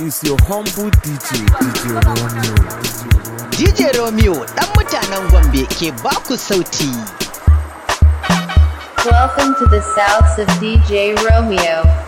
It's your humble DJ, DJ Romeo. DJ Romeo, ɗan mutanen Gombe ke baku sauti. Welcome to the Souths of DJ Romeo.